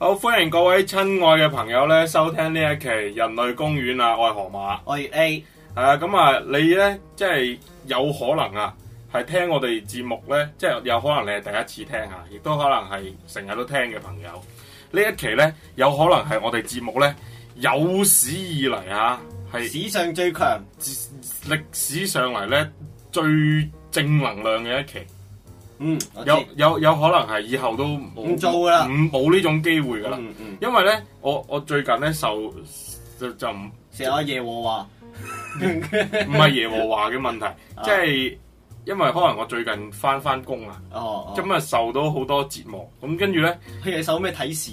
好歡迎各位親愛嘅朋友咧，收聽呢一期《人類公園》啊，我係河馬，我係 A，係啊，咁啊，你咧即係有可能啊，係聽我哋節目咧，即係有可能你係第一次聽啊，亦都可能係成日都聽嘅朋友。呢一期咧，有可能係我哋節目咧有史以嚟啊，係史上最強，歷史上嚟咧最正能量嘅一期。嗯，有有有可能係以後都唔做啦，唔冇呢種機會噶啦，嗯嗯、因為咧，我我最近咧受就就唔成日阿耶和華，唔 係耶和華嘅問題，即係 因為可能我最近翻翻工啊，今日、哦哦、受到好多折磨，咁跟住咧，你受咩睇事？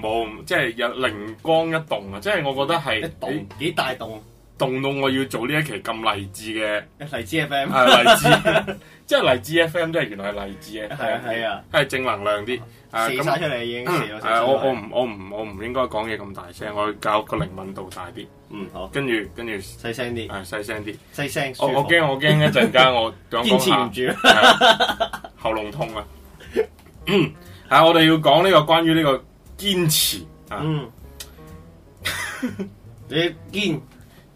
冇， 即係有靈光一動啊，即、就、係、是、我覺得係一動洞幾大動、啊。動到我要做呢一期咁勵志嘅勵志 FM，係勵志，即係勵志 FM 都係原來係勵志嘅，係啊係啊，係正能量啲。蝕晒出嚟已經，我我唔我唔我唔應該講嘢咁大聲，我要教個靈敏度大啲。嗯好，跟住跟住細聲啲，係細聲啲，細聲。我驚我驚一陣間我堅持唔住，喉嚨痛啊。吓，我哋要講呢個關於呢個堅持啊。你堅。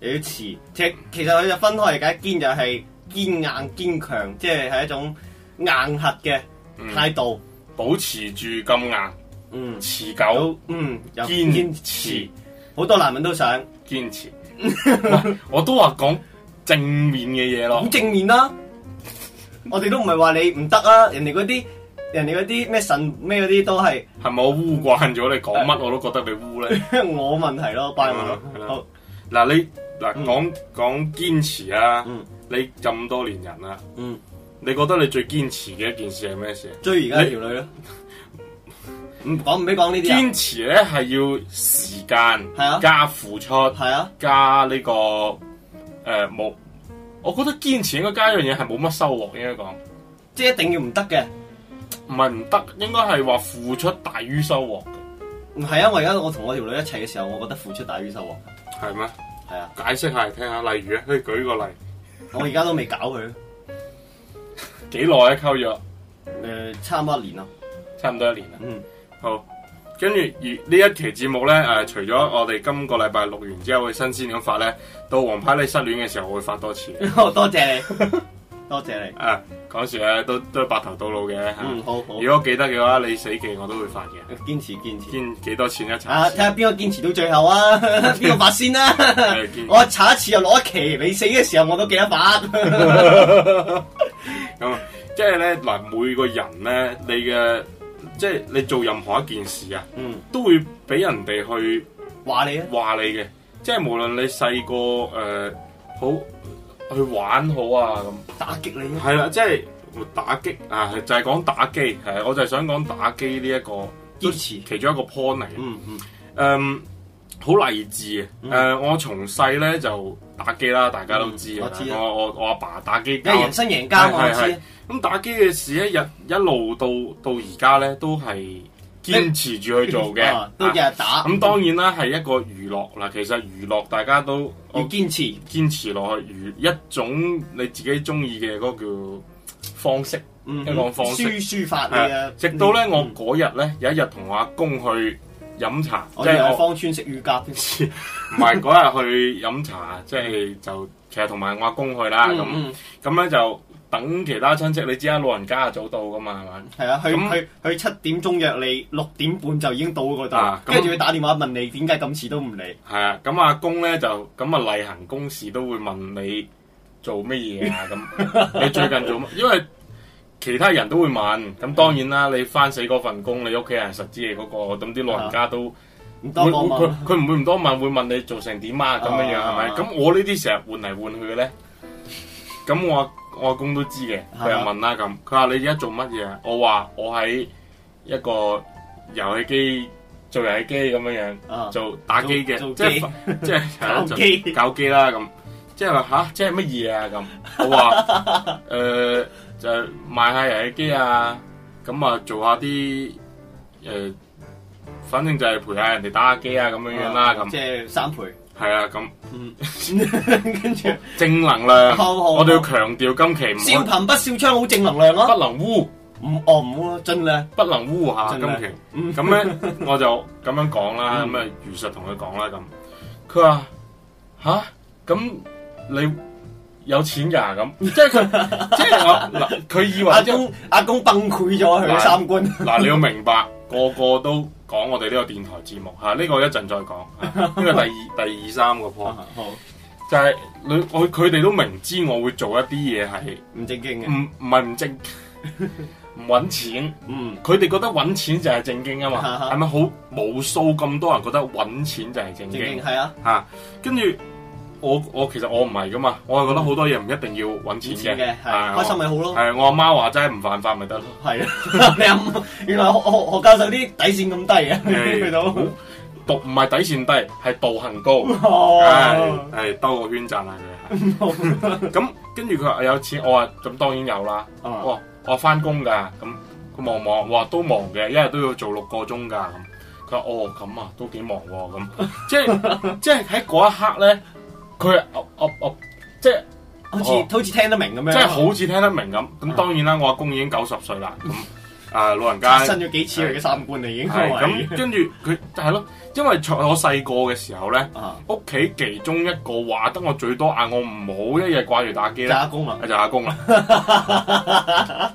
有啲詞，即係其實佢就分開嚟解，堅就係堅硬堅強，即係係一種硬核嘅態度，保持住咁硬，持久，堅持。好多男人都想堅持，我都話講正面嘅嘢咯，好正面啦。我哋都唔係話你唔得啊，人哋嗰啲人哋嗰啲咩神咩嗰啲都係。係咪我污慣咗？你講乜我都覺得你污咧？我問題咯，拜拜咯。好，嗱你。嗱，講講堅持啊！嗯、你咁多年人啦、啊，嗯、你覺得你最堅持嘅一件事係咩事、啊？追而家條女咯。唔講唔俾講呢啲。堅 持咧係要時間、啊、加付出，係啊，加呢、這個誒冇、呃。我覺得堅持應該加一樣嘢係冇乜收穫應該講，即係一定要唔得嘅。唔係唔得，應該係話付出大於收穫。唔係啊！因為我而家我同我條女一齊嘅時候，我覺得付出大於收穫。係咩？係是啊，解釋下，解釋下嚟聽下，例如咧，可以舉個例。我而家都未搞佢，幾耐 啊？溝咗？誒、呃，差唔多一年啦，差唔多一年啦。嗯，好。跟住而呢一期節目咧誒、呃，除咗我哋今個禮拜錄完之後會新鮮咁發咧，到黃牌你失戀嘅時候我會發多次。好多、哦、謝，謝你。 多謝你。啊，嗰時咧，都都白頭到老嘅。嗯，好。如果記得嘅話，你死忌我都會發嘅。堅持，堅持。堅幾多錢一茶匙？睇下邊個堅持到最後啊？邊個發先啦？我查一次又攞一期，你死嘅時候我都記得發。咁，即係咧嗱，每個人咧，你嘅即係你做任何一件事啊，嗯，都會俾人哋去話你啊，話你嘅。即係無論你細個誒，好。去玩好啊咁，打擊你咧？係啦，即、就、係、是、打擊啊，就係、是、講打機，係我就係想講打機呢、這、一個堅持像其中一個 point 嚟、嗯。嗯嗯，誒好勵志、嗯、啊。誒，我從細咧就打機啦，大家都知啦。嗯、我知我我阿爸，爸打機，人生贏家，我，的我知。咁打機嘅事一，一日一路到到而家咧，都係。堅持住去做嘅，都日日打。咁當然啦，係一個娛樂啦。其實娛樂大家都要堅持，堅持落去，娛一種你自己中意嘅嗰個叫方式，一個方式。書書法嘅。直到咧，我嗰日咧有一日同我阿公去飲茶，即係我芳村食乳鴿先。唔係嗰日去飲茶，即係就其實同埋我阿公去啦。咁咁咧就。等其他親戚，你知啦，老人家啊早到噶嘛，係咪？係啊，佢佢佢七點鐘約你，六點半就已經到嗰度，跟住佢打電話問你點解咁遲都唔嚟。係啊，咁阿公咧就咁啊例行公事都會問你做乜嘢啊？咁你最近做，乜？因為其他人都會問，咁當然啦，你翻死嗰份工，你屋企人實知嘅嗰個，咁啲老人家都唔多問，佢佢唔會唔多問，會問你做成點啊？咁樣樣係咪？咁我呢啲成日換嚟換去嘅咧，咁我。我阿公都知嘅，佢又問啦咁。佢話、啊、你而家做乜嘢？我話我喺一個遊戲機做遊戲機咁樣樣，做打機嘅，即係即係搞機啦咁。即係話吓，即係乜嘢啊咁？我話誒、 呃，就賣、是、下遊戲機啊，咁啊做一下啲誒、呃，反正就係陪下人哋打下機啊咁樣樣啦咁。嗯、即係三陪。係啊，咁，跟住 正能量， 我哋要強調今期笑貧不笑娼，好正能量咯，啊，不能污，唔暗咯，真靚，不能污吓的今期，咁咧 我就咁樣講啦，咁啊如實同佢講啦，咁，佢話吓，咁你有錢噶咁，即係佢，即係我嗱，佢以為阿公阿公崩潰咗佢三觀，嗱你要明白，個個，個都。講我哋呢個電台節目吓，呢、啊這個一陣再講，呢、啊這個第二 第二，第二三個 point，好， 就係你我佢哋都明知我會做一啲嘢係唔正經嘅，唔唔係唔正，唔搵 錢，嗯，佢哋覺得搵錢就係正經啊嘛，係咪好無數咁多人覺得搵錢就係正經 正係啊，吓， 跟住。我我其實我唔係噶嘛，我係覺得好多嘢唔一定要揾錢嘅，開心咪好咯。係我阿媽話齋唔犯法咪得咯。係啊，你啊原來學學教授啲底線咁低啊？味到？度唔係底線低，係道行高，係兜個圈賺下佢。咁跟住佢話有錢，我話咁當然有啦。哦，我翻工㗎，咁佢望望，話都忙嘅，一日都要做六個鐘㗎咁。佢話哦咁啊，都幾忙喎咁。即即喺嗰一刻咧。佢我我我即係好似好似聽得明咁樣，即係好似聽得明咁。咁當然啦，我阿公已經九十歲啦。咁啊老人家，生咗幾次佢嘅三觀啊，已經咁跟住佢係咯，因為我細個嘅時候咧，屋企其中一個話得我最多，嗌我唔好一日掛住打機啦。打工啊，就阿公啊。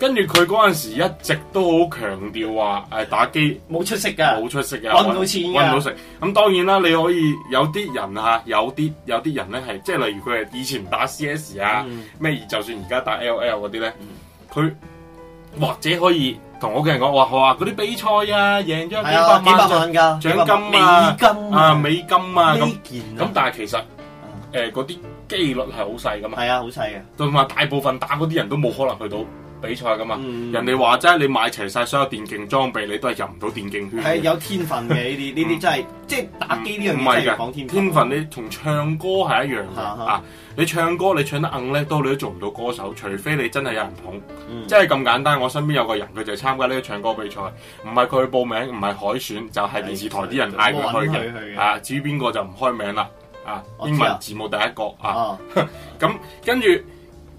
跟住佢嗰陣時一直都好強調話誒，打機冇出息噶，冇出息噶，揾唔到錢噶，揾唔到食。咁當然啦，你可以有啲人啊，有啲有啲人咧係，即係例如佢係以前打 CS 啊，咩就算而家打 LOL 嗰啲咧，佢或者可以同屋企人講話，哇，嗰啲比賽啊，贏咗幾百萬嘅獎金啊，美金啊，美金啊咁，咁但係其實誒，嗰啲機率係好細噶嘛，係啊好細嘅，同埋大部分打嗰啲人都冇可能去到。比賽噶嘛？嗯、人哋話齋，你買齊晒所有電競裝備，你都係入唔到電競圈。係有天分嘅呢啲，呢啲真係即係打機呢樣嘢真係講天分。天分你同唱歌係一樣、嗯、啊！你唱歌你唱得硬咧，多你都做唔到歌手，除非你真係有人捧，嗯、即係咁簡單。我身邊有個人，佢就參加呢個唱歌比賽，唔係佢去報名，唔係海選，就係、是、電視台啲人嗌佢去，去啊，至於邊個就唔開名啦。啊，英文字母第一個啊，咁 跟住。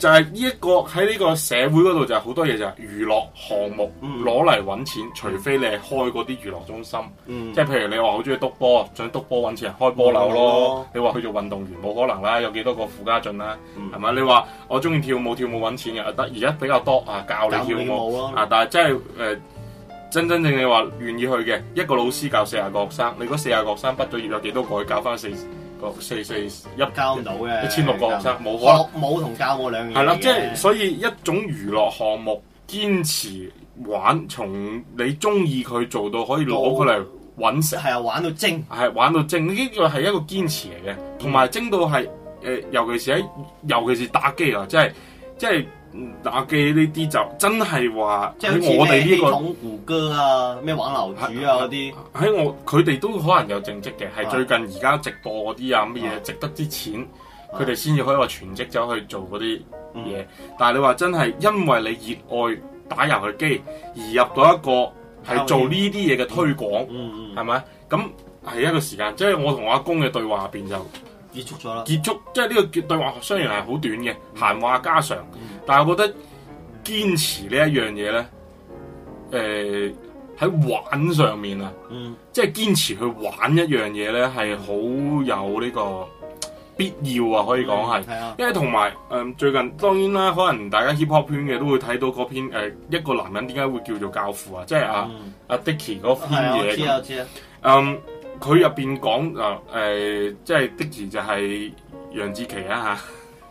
就係呢一個喺呢個社會嗰度就係好多嘢就係娛樂項目攞嚟揾錢，除非你係開嗰啲娛樂中心，嗯、即係譬如你話好中意督波，想督波揾錢，開波樓咯。嗯、你話去做運動員冇可能啦，有幾多個傅家俊啦，係咪、嗯？你話我中意跳舞，跳舞揾錢嘅，得、啊，而家比較多啊教你跳舞你啊，但係真係誒、呃、真真正正你話願意去嘅一個老師教四十個學生，你嗰四十個學生畢咗業有幾多個去教翻四？四四一交唔到嘅，一千六個，真冇可冇同教過兩樣嘢。係啦，即係，所以一種娛樂項目，堅持玩，從你中意佢做到可以攞佢嚟搵食。係啊，玩到精，係玩到精，呢個係一個堅持嚟嘅，同埋、嗯、精到係誒，尤其是喺，尤其是打機啊，即係即係。就是打機呢啲就真係話喺我哋呢，這個，胡歌啊，咩玩樓主啊嗰啲，喺的些我佢哋都可能有正職嘅，係最近而家直播嗰啲啊乜嘢值得啲錢，佢哋先至可以話全職走去做嗰啲嘢。的但係你話真係因為你熱愛打遊戲機而入到一個係做呢啲嘢嘅推廣，係咪、嗯？咁、嗯、係、嗯、一個時間，即、就、係、是、我同阿公嘅對話入邊就。結束咗啦！結束即係呢個結對話，雖然係好短嘅閒、嗯、話家常，嗯、但係我覺得堅持呢一樣嘢咧，誒、呃、喺玩上面啊，嗯、即係堅持去玩一樣嘢咧，係好有呢個必要啊！可以講係，嗯嗯嗯、因為同埋誒最近，當然啦，可能大家 hip hop 片嘅都會睇到嗰篇誒一個男人點解會叫做教父啊，即、就、係、是、啊阿 Dicky 嗰篇嘢咁。嗯嗯嗯嗯佢入邊講誒，即係的士就係楊紫奇啊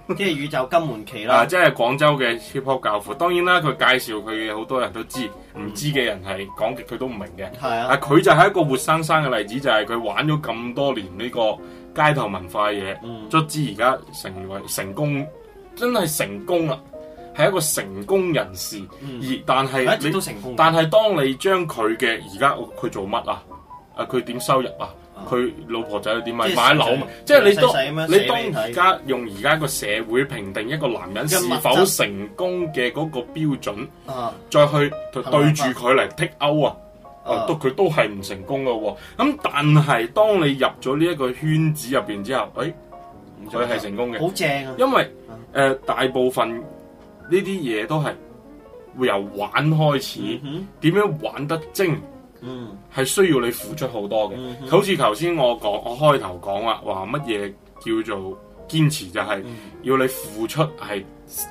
吓， 即係宇宙金門旗啦。啊、即係廣州嘅 hiphop 教父。當然啦，佢介紹佢嘅好多人都知，唔、嗯、知嘅人係講極佢都唔明嘅。係、嗯、啊。佢就係一個活生生嘅例子，就係、是、佢玩咗咁多年呢個街頭文化嘢，卒之而家成為成功，真係成功啦，係一個成功人士。嗯、而但係你，嗯、都成功但係當你將佢嘅而家佢做乜啊？佢點收入啊？佢、啊、老婆仔又點啊？買樓嘛？啊、即係你，你當你當而家用而家個社會評定一個男人是否成功嘅嗰個標準，啊、再去對住佢嚟剔勾啊！啊啊都佢都係唔成功嘅喎、啊。咁但係當你入咗呢一個圈子入邊之後，誒佢係成功嘅，好正啊！因為誒、呃、大部分呢啲嘢都係會由玩開始，點、嗯嗯嗯、樣玩得精？嗯，係需要你付出好多嘅。好似頭先我講，我開頭講啦，話乜嘢叫做堅持，就係要你付出係。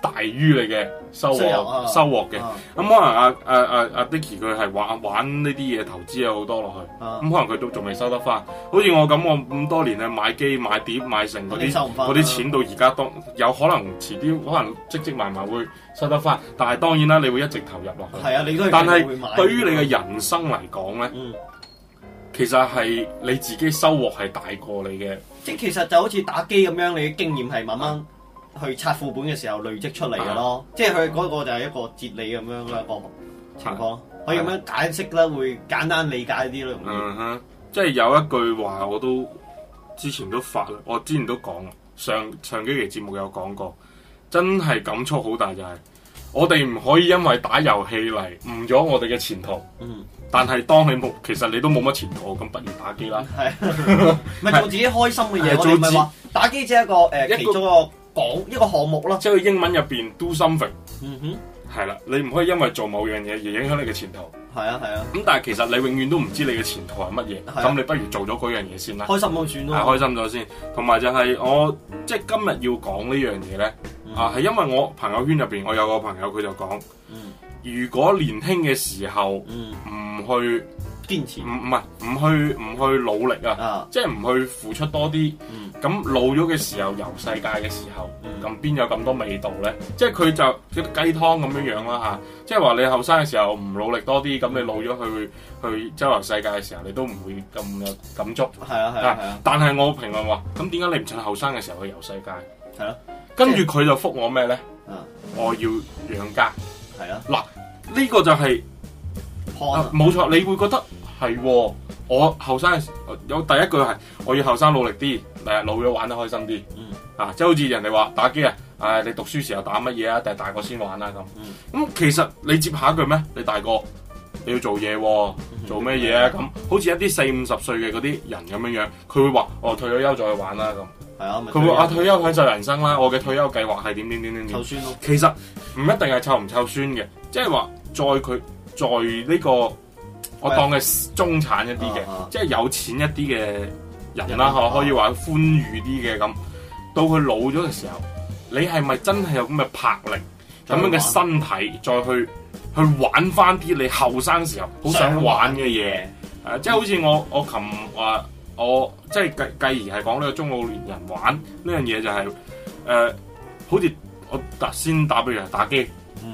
大於你嘅收穫，收穫嘅，咁可能阿阿阿阿 Dickie 佢係玩玩呢啲嘢投資，有好多落去，咁可能佢都仲未收得翻。好似我咁，我咁多年咧買機買碟買成嗰啲嗰啲錢，到而家都有可能遲啲可能積積埋埋會收得翻。但係當然啦，你會一直投入落去。係啊，你但係對於你嘅人生嚟講咧，其實係你自己收穫係大過你嘅。即係其實就好似打機咁樣，你嘅經驗係慢慢。去刷副本嘅時候累積出嚟嘅咯，即係佢嗰個就係一個哲理咁樣嘅一個情況，可以咁樣解釋啦，會簡單理解啲咯。嗯哼，即係有一句話我都之前都發，我之前都講，上上幾期節目有講過，真係感觸好大就係，我哋唔可以因為打遊戲嚟誤咗我哋嘅前途。嗯。但係當你冇，其實你都冇乜前途，咁不如打機啦。係。唔係做自己開心嘅嘢，我哋唔係話打機只係一個誒其中一個。講一個項目啦，即係英文入邊 do something，嗯哼、mm，係、hmm. 啦，你唔可以因為做某樣嘢而影響你嘅前途，係啊係啊，咁、hmm. 但係其實你永遠都唔知你嘅前途係乜嘢，咁、mm hmm. 的你不如做咗嗰樣嘢先啦、啊，開心冇轉咯，係開心咗先，同埋就係我即係、就是、今日要講呢樣嘢咧，mm hmm. 啊係因為我朋友圈入邊我有個朋友佢就講，mm hmm. 如果年輕嘅時候唔、mm hmm. 去。唔唔係唔去唔去努力啊！即係唔去付出多啲，咁老咗嘅時候遊世界嘅時候，咁邊有咁多味道咧？即係佢就叫雞湯咁樣樣啦吓！即係話你後生嘅時候唔努力多啲，咁你老咗去去周遊世界嘅時候，你都唔會咁有感觸。係啊係啊係啊！但係我評論話，咁點解你唔趁後生嘅時候去遊世界？係咯，跟住佢就覆我咩咧？我要養家。係啊，嗱呢個就係，冇錯，你會覺得。係，嗯、我後生有第一句係我要後生努力啲，第日老咗玩得開心啲。嗯、啊，即係好似人哋話打機啊，誒、呃，你讀書時候打乜嘢啊？定係大個先玩啦、啊、咁。咁、嗯嗯、其實你接下一句咩？你大個你要做嘢喎、啊，做咩嘢啊？咁好似一啲四五十歲嘅嗰啲人咁樣樣，佢、嗯、會話哦，退咗休再去玩啦咁。係啊，佢、啊就是、會啊，退休享受人生啦。我嘅退休計劃係點點點點點。嗯嗯嗯嗯嗯、其實唔一定係湊唔湊孫嘅，即係話在佢在呢個。我當佢中產一啲嘅， 即係有錢一啲嘅人啦，可 可以話寬裕啲嘅咁。到佢老咗嘅時候，你係咪真係有咁嘅魄力、咁樣嘅身體，再去去玩翻啲你後生時候好想玩嘅嘢？誒、呃，即係好似我我琴話，我，我，我即係繼繼而係講呢個中老年人玩呢樣嘢就係、是、誒、呃，好似我先打譬如打機。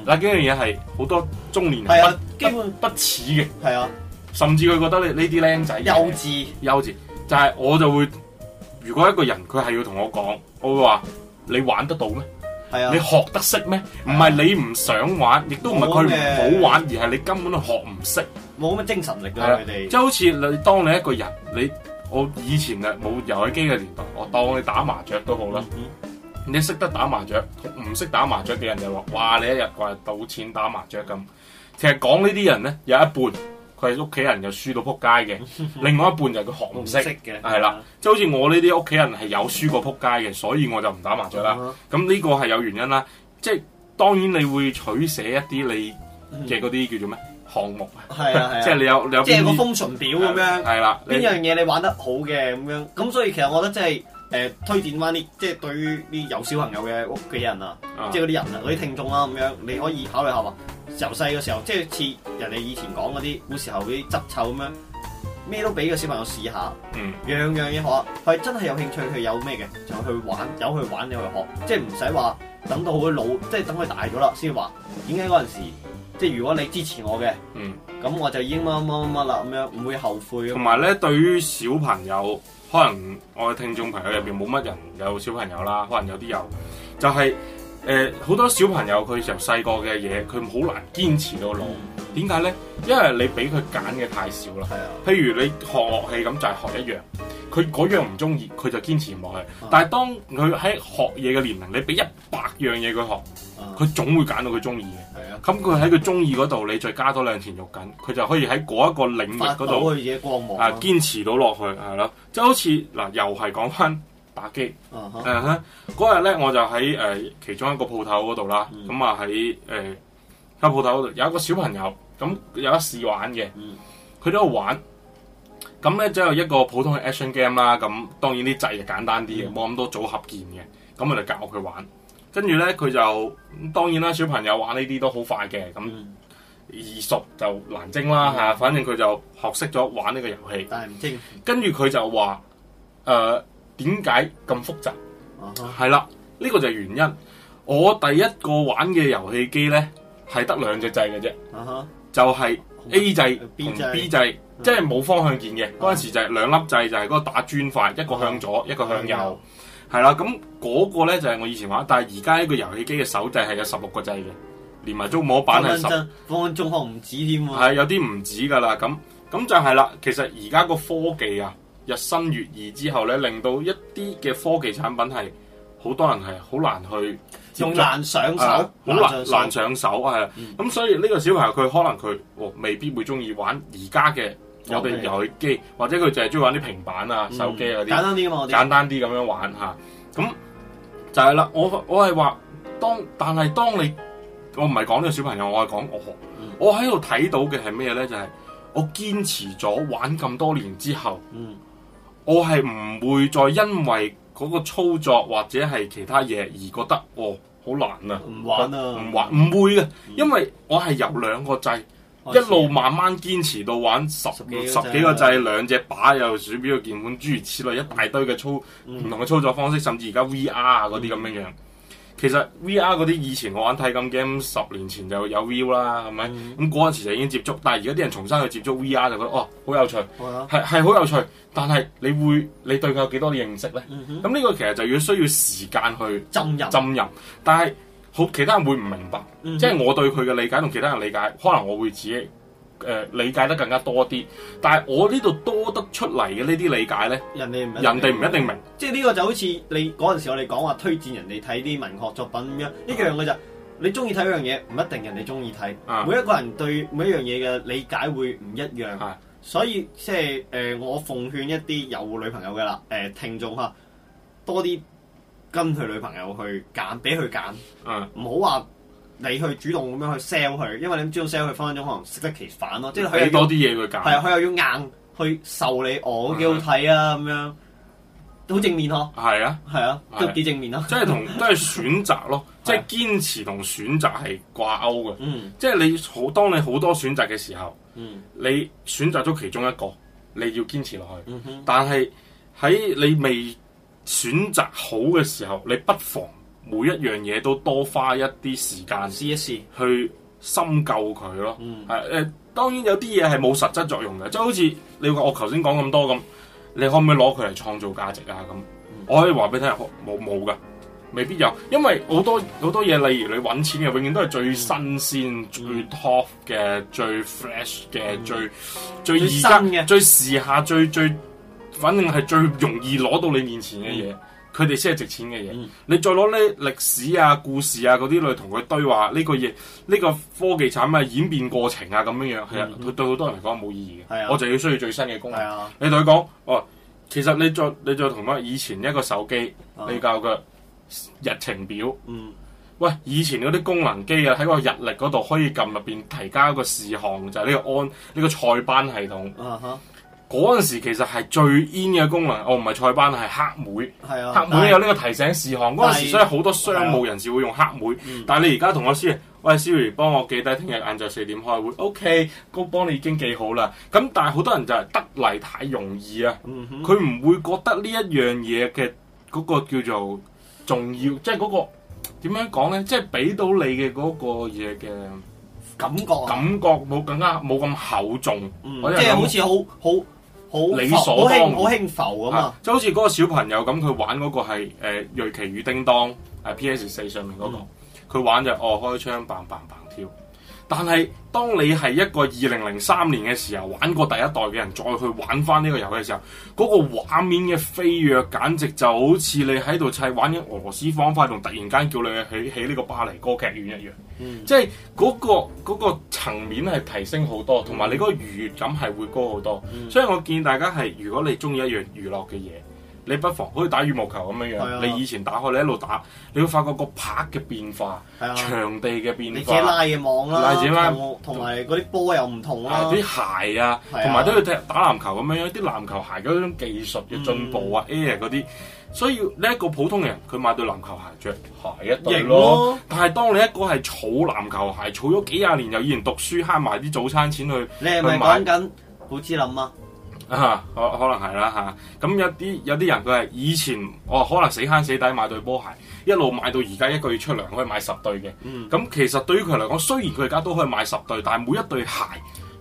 嗱，呢樣嘢係好多中年人係啊，基本不似嘅，係啊，甚至佢覺得咧呢啲僆仔幼稚，幼稚，就係我就會，如果一個人佢係要同我講，我會話你玩得到咩？係啊，你學得識咩？唔係你唔想玩，亦都唔係佢唔好玩，而係你根本都學唔識，冇乜精神力。係啊，即係好似你當你一個人，你我以前嘅冇遊戲機嘅年代，我當你打麻雀都好啦。你識得打麻雀，唔識打麻雀嘅人就話：哇！你一日話賭錢打麻雀咁。其實講呢啲人咧，有一半佢係屋企人，就輸到撲街嘅；另外一半就係佢學唔識，係啦。即係好似我呢啲屋企人係有輸過撲街嘅，所以我就唔打麻雀啦。咁呢、嗯、哼個係有原因啦。即係當然你會取捨一啲你嘅嗰啲叫做咩項目啊？係即係你有你有，即係個封存表咁樣。係啦，呢樣嘢你玩得好嘅咁樣？咁所以其實我覺得即係。誒，推薦翻啲即係對於啲有小朋友嘅屋企人啊，即係嗰啲人啊，嗰啲聽眾啦，咁樣你可以考慮下喎。由細嘅時候，即係似人哋以前講嗰啲古時候嗰啲執臭咁樣，咩都俾個小朋友試下，樣樣嘢學，佢真係有興趣佢有咩嘅，就去玩，有去玩你去學，即係唔使話等到佢老，即係等佢大咗啦先話。點解嗰陣時，即係如果你支持我嘅，咁我就已經乜乜乜乜啦，咁樣唔會後悔。同埋咧，對於小朋友。可能我嘅聽眾朋友入邊冇乜人有小朋友啦，可能有啲有，就係、是。誒好多小朋友佢由細個嘅嘢，佢好難堅持到落。點解咧？因為你俾佢揀嘅太少啦。係啊。譬如你學樂器咁，就係學一樣。佢嗰樣唔中意，佢就堅持唔落去。啊、但係當佢喺學嘢嘅年齡，你俾一百樣嘢佢學，佢、啊、總會揀到佢中意嘅。係啊。咁佢喺佢中意嗰度，你再加多兩錢肉緊，佢就可以喺嗰一個領域嗰度發起嘢光芒、啊。係堅持到落去，係咯、啊。即係吧好似嗱，又係講翻。打機，誒嚇嗰日咧，我就喺誒、呃、其中一個鋪頭嗰度啦，咁啊喺誒間鋪頭嗰度有一個小朋友，咁有得試玩嘅，佢、嗯、都喺度玩，咁咧就有一個普通嘅 action game 啦，咁當然啲掣就簡單啲嘅，冇咁、嗯、多組合鍵嘅，咁我就教佢玩，跟住咧佢就當然啦，小朋友玩呢啲都好快嘅，咁易、嗯、熟就難精啦，係、啊嗯、反正佢就學識咗玩呢個遊戲，但係唔精，跟住佢就話誒。呃呃呃呃呃呃點解咁複雜？係啦、uh，呢、huh. 個就係原因。我第一個玩嘅遊戲機咧，係得兩隻掣嘅啫，就係 A 掣同 B 掣，即係冇方向鍵嘅。嗰陣時就係兩粒掣，就係嗰個打磚塊，一個向左，uh huh. 一個向右，係啦、uh。咁、huh. 嗰個咧就係我以前玩，但係而家呢個遊戲機嘅手掣係有十六個掣嘅，連埋觸摸板係十，方方中方唔止添。係有啲唔止噶啦，咁咁就係、是、啦。其實而家個科技啊～日新月異之後咧，令到一啲嘅科技產品係好多人係好難去、用難上手，好、啊、難難上手係。咁、嗯、所以呢個小朋友佢可能佢、哦、未必會中意玩而家嘅我哋遊戲機，Okay. 或者佢淨係中意玩啲平板啊、嗯、手機啊啲簡單啲咁啊簡單啲咁樣玩吓。咁、啊、就係、是、啦，我我係話當但係當你我唔係講呢個小朋友，我係講我我喺度睇到嘅係咩嘢咧？就係、是、我堅持咗玩咁多年之後。嗯我係唔會再因為嗰個操作或者係其他嘢而覺得哦好難啊！唔玩啊！唔玩唔會嘅，因為我係由兩個掣、嗯、一路慢慢堅持到玩十十幾個掣兩隻把又鼠標個鍵盤，諸如此類一大堆嘅操唔、嗯、同嘅操作方式，甚至而家 VR 啊嗰啲咁樣樣。其實 VR 嗰啲以前我玩體感 game 十年前就有 view 啦，係咪？咁嗰陣時就已經接觸，但係而家啲人重新去接觸 VR 就覺得哦，好有趣，係係好有趣。但係你會你對佢有幾多嘅認識咧？咁呢、嗯、哼個其實就要需要時間去浸入浸入人。但係好，其他人會唔明白，即係、嗯、哼我對佢嘅理解同其他人理解，可能我會自己。呃、理解得更加多啲，但係我呢度多得出嚟嘅呢啲理解呢，人哋唔人哋唔一定明，即係呢個就好似你嗰陣時我哋講話推薦人哋睇啲文學作品咁樣，一樣嘅就、你中意睇一樣嘢，唔一定人哋中意睇，嗯、每一個人對每一樣嘢嘅理解會唔一樣，嗯、所以即係呃、我奉勸一啲有女朋友嘅啦，誒、呃，聽眾吓多啲跟佢女朋友去揀，俾佢揀，唔好話。你去主動咁樣去 sell 佢，因為你唔知道 sell 佢分分鐘可能適得其反咯、啊。即係佢要多啲嘢佢揀，係啊，佢又要硬去受你、啊，我幾好睇啊咁樣，都好正面咯。係啊，係啊，都幾正面咯。即係同都係選擇咯， 即係堅持同選擇係掛鈎嘅。即係的你好，當你好多選擇嘅時候，嗯、你選擇咗其中一個，你要堅持落去。嗯、哼但係喺你未選擇好嘅時候，你不妨。每一樣嘢都多花一啲時間，試一試去深究佢咯。係誒、嗯，當然有啲嘢係冇實質作用嘅，即係好似你我頭先講咁多咁，你可唔可以攞佢嚟創造價值啊？咁我可以話俾你聽，冇冇㗎，未必有，因為好多好多嘢，例如你揾錢嘅，永遠都係最新鮮、嗯、最 top 嘅、最 fresh 嘅、嗯、最最新嘅、最時下、最最，反正係最容易攞到你面前嘅嘢。嗯佢哋先係值錢嘅嘢，嗯、你再攞呢歷史啊、故事啊嗰啲嚟同佢對話，呢、呢個嘢呢、呢個科技產品演變過程啊咁樣樣，其實、嗯嗯、對好多人嚟講冇意義嘅。啊、我就要需要最新嘅功能。啊、你同佢講，哦，其實你再你再同佢以前一個手機、啊、你教嘅日程表，嗯、喂，以前嗰啲功能機啊，喺個日曆嗰度可以撳入邊提交一個事項，就係、是、呢個安呢個塞班系統。嗯嗰陣時其實係最 in 嘅功能，我唔係塞班，係黑莓。係啊，黑莓是有呢個提醒事項。嗰陣是時，所以好多商務人士會用黑莓。啊嗯、但係你而家同我說，喂，Siri 幫我記低聽日晏晝四點開會，OK？咁幫你已經記好啦。咁但係好多人就係得嚟太容易啊。佢唔、嗯、哼會覺得呢一樣嘢嘅嗰個叫做重要，即係嗰個點樣講咧？即係俾到你嘅嗰個嘢嘅感覺。感覺冇更加冇咁厚重。即係、嗯、好似好好。好好好，理所當然，好輕浮咁啊！即好似嗰個小朋友咁，佢玩嗰個係、呃、瑞奇與叮當，誒、呃、P S 四上面嗰個，佢、嗯、玩就哦開槍棒棒棒跳。但係，當你係一個二零零三年嘅時候玩過第一代嘅人，再去玩翻呢個遊戲嘅時候，嗰、嗯、個畫面嘅飛躍簡直就好似你喺度砌玩緊俄羅斯方塊，同突然間叫你去起呢個巴黎歌劇院一樣。嗯、即係嗰、嗰個嗰層、嗰個、面係提升好多，同埋你嗰個愉悅感係會高好多。嗯、所以我建議大家係，如果你中意一樣娛樂嘅嘢。你不妨好似打羽毛球咁樣樣，啊、你以前打開你一路打，你會發覺個拍嘅變化、啊、場地嘅變化，拉嘅網啦，同埋嗰啲波又唔同啦，啲、啊、鞋啊，同埋都要踢打籃球咁樣，啲籃球鞋嗰種技術嘅進步啊、嗯、Air 嗰啲，所以呢一個普通人佢買對籃球鞋着著，型咯。哦、但係當你一個係儲籃球鞋，儲咗幾廿年，又依然讀書慳埋啲早餐錢去，你係咪係講緊好似林啊？啊，可可能係啦嚇，咁、啊、有啲有啲人佢係以前我，哦、可能死慳死抵買對波鞋，一路買到而家一個月出糧可以買十對嘅。咁、嗯、其實對於佢嚟講，雖然佢而家都可以買十對，但係每一對鞋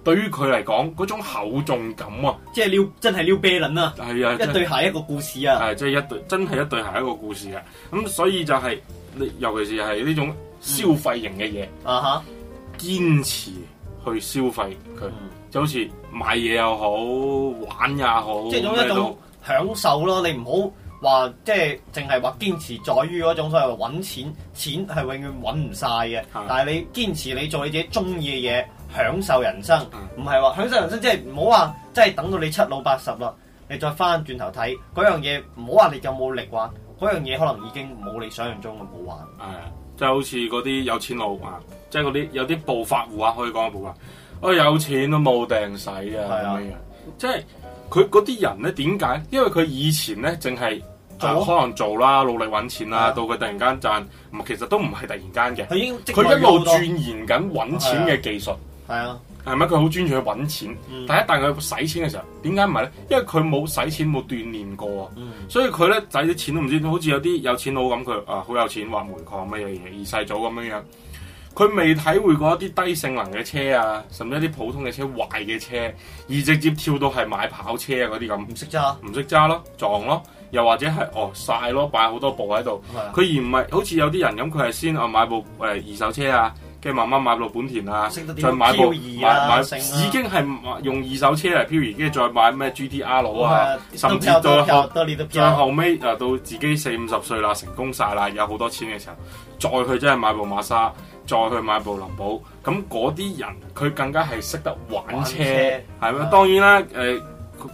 對於佢嚟講嗰種厚重感啊，即係撩真係撩啤緊啊，係啊、哎，一對鞋一個故事啊。係即係一對真係一對鞋一個故事啊。咁所以就係、是、你，尤其是係呢種消費型嘅嘢、嗯，啊哈，堅持去消費佢，嗯、就好似。買嘢又好，玩也好，即係一種享受咯。你唔好話即係淨係話堅持在於嗰種所謂揾錢，錢係永遠揾唔晒嘅。嗯、但係你堅持你做你自己中意嘅嘢，享受人生，唔係話享受人生，即係唔好話，即係等到你七老八十啦，你再翻轉頭睇嗰樣嘢，唔好話你有冇冇力玩，嗰樣嘢可能已經冇你想象中咁好玩。係、嗯、就好似嗰啲有錢佬啊，即係嗰啲有啲暴發戶啊，可以講下暴發。我有錢都冇定使啊，咁樣即係佢嗰啲人咧點解？因為佢以前咧淨係做可能做啦，努力揾錢啦，到佢、啊、突，突然間賺，唔，其實都唔係突然間嘅。佢一路鑽研緊揾錢嘅技術。係啊，係咪佢好專注去揾錢？啊、但一但佢使錢嘅時候，點解唔係咧？因為佢冇使錢冇鍛鍊過啊，嗯、所以佢咧使啲錢都唔知，好似有啲有錢佬咁佢啊，好 有錢挖煤礦乜嘢嘢，二世祖咁樣樣。佢未體會過一啲低性能嘅車啊，甚至一啲普通嘅車壞嘅車，而直接跳到係買跑車啊嗰啲咁，唔識揸，唔識揸咯，撞咯，又或者係哦晒咯，擺的好多部喺度。佢而唔係好似有啲人咁，佢係先啊買部誒、呃、二手車啊，跟住慢慢買部本田啊，啊再買部買、啊、買，已經係用二手車嚟漂移，跟住再買咩 GTR 佬啊，哦、是啊甚至再學，再後尾啊到自己四五十歲啦，成功晒啦，有好多錢嘅時候，再去真係買部瑪莎。再去買部林寶，咁嗰啲人佢更加係識得玩車，係咩？當然啦，佢、呃、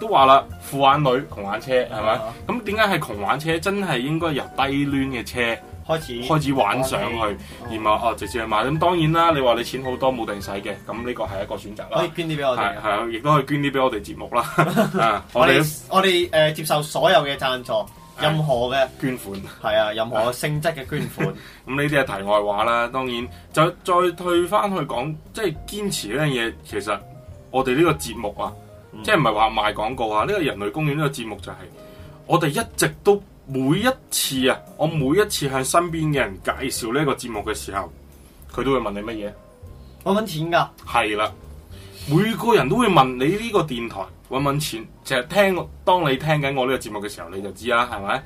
都話啦，富玩女，窮玩車，係咪？咁點解係窮玩車？真係應該由低攣嘅車開始，開始玩上去，而唔哦、啊啊、直接去買。咁當然啦，你話你錢好多冇定使嘅，咁呢個係一個選擇啦。可以捐啲俾我哋，係啊，亦都可以捐啲俾我哋節目啦。我哋我哋誒接受所有嘅贊助。任何嘅捐款，係啊，任何性質嘅捐款。咁呢啲係題外話啦。當然，就再退翻去講，即係堅持呢樣嘢。其實我哋呢個節目啊，嗯、即係唔係話賣廣告啊。呢、這個人類公園呢個節目就係、是、我哋一直都每一次啊，我每一次向身邊嘅人介紹呢個節目嘅時候，佢都會問你乜嘢，我問錢噶。係啦，每個人都會問你呢個電台，搵搵錢，就係聽。當你聽緊我呢個節目嘅時候，你就知啦，係咪？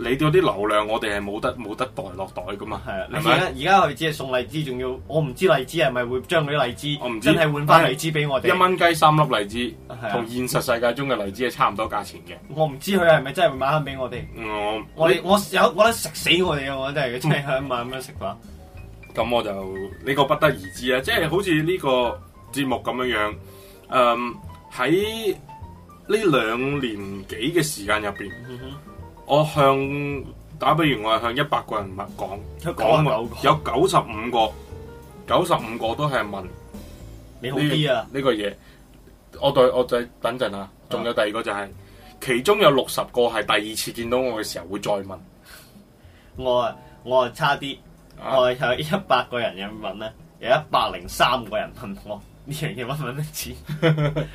你嗰啲流量，我哋係冇得冇得袋落袋噶嘛。係啊，你咪？而家而家佢只係送荔枝，仲要我唔知荔枝係咪會將嗰啲荔枝我唔知真係換翻荔枝俾我哋。一蚊雞三粒荔枝，同現實世界中嘅荔枝係差唔多價錢嘅。我唔知佢係咪真係會買翻俾我哋。我我有覺得食死我哋啊！我真係真係想買咁樣食翻。咁我就你個不得而知啊！即係好似呢個節目咁樣樣，嗯喺。呢兩年幾嘅時間入邊，嗯、哼我向打比如我係向一百個人問講，講有九十五個，九十五個都係問你好啲，啊呢個呢、呢個嘢。我對我就等陣啊，仲有第二個就係，是啊、其中有六十個係第二次見到我嘅時候會再問。我我啊差啲，我向一百個人問、啊、有問咧，有一百零三個人問我。呢樣嘢乜乜乜，次，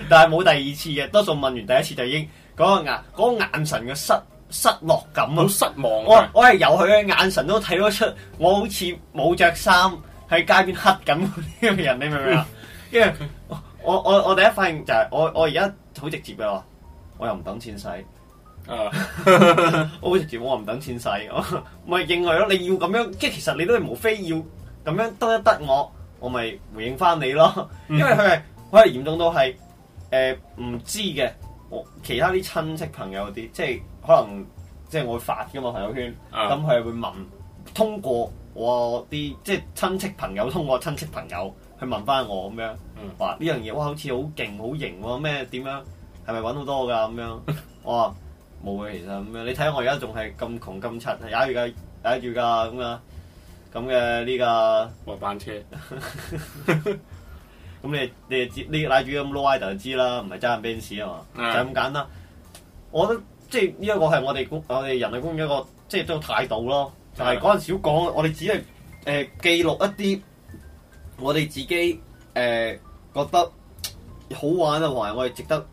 但係冇第二次嘅，多數問完第一次就已經嗰個眼、嗰個眼神嘅失失落感，好失望。我是我係由佢嘅眼神都睇得出，我好似冇着衫喺街邊乞緊呢個人，你明唔明啊？因為 我我我，我第一反應就係我我而家好直接嘅我，我，我又唔等錢使， 我好直接，我話唔等錢使，我咪 認為咯，你要咁樣，即係其實你都係無非要咁樣，樣得一得我。我咪回應翻你咯，因為佢係佢係嚴重到係誒唔知嘅，我其他啲親戚朋友啲，即係可能即係我會發嘅嘛朋友圈，咁佢會問通過我啲即係親戚朋友通過親戚朋友去問翻我咁樣，話呢樣嘢哇好似好勁好型喎，咩點樣係咪揾好多㗎咁樣？我話冇嘅其實咁樣，你睇下我而家仲係咁窮咁柒，挨住㗎挨住㗎咁啊！咁嘅呢個滑板車，咁 你你知呢個奶主咁 low rider 就知啦，唔係揸緊 Benz 啊嘛，就咁、嗯、簡單。我覺得即係呢、這個、一個係我哋公我哋人類公園一個即係一個態度咯，嗯、就係嗰陣少講，我哋只係誒、呃、記錄一啲我哋自己誒、呃、覺得好玩啊，或者我哋值得。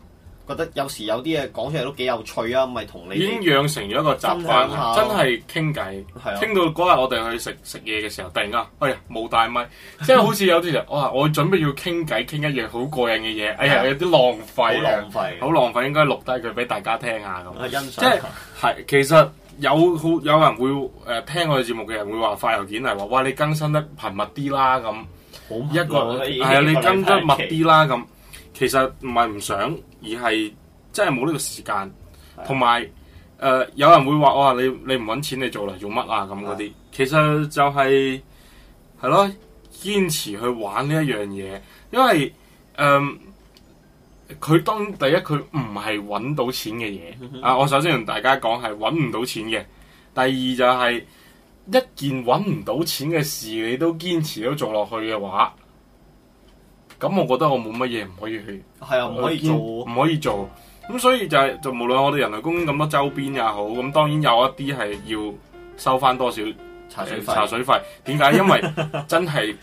覺得有時有啲嘢講出嚟都幾有趣啊，咪同你已經養成咗一個習慣，真係傾偈，傾到嗰日我哋去食食嘢嘅時候，突然間哎呀，冇帶咪，即係好似有啲人哇，我準備要傾偈傾一樣好過癮嘅嘢，哎呀有啲浪費，好浪費，好浪費，應該錄低佢俾大家聽下咁，即係係其實有好有人會誒聽我哋節目嘅人會話發郵件嚟話，哇你更新得頻密啲啦咁，一個係啊你更新密啲啦咁，其實唔係唔想。而係真係冇呢個時間，同埋誒有人會話我話，你你唔揾錢你做嚟做乜啊？咁嗰啲，其實就係、是、係咯，堅持去玩呢一樣嘢，因為誒佢、呃、當第一佢唔係揾到錢嘅嘢 啊，我首先同大家講係揾唔到錢嘅，第二就係、是、一件揾唔到錢嘅事，你都堅持都做落去嘅話。咁我覺得我冇乜嘢唔可以去，係啊，唔可,可以做，唔可以做。咁所以就係，就無論我哋人類公園咁多周邊也好，咁當然有一啲係要收翻多少茶水費？茶水費點解？因為真係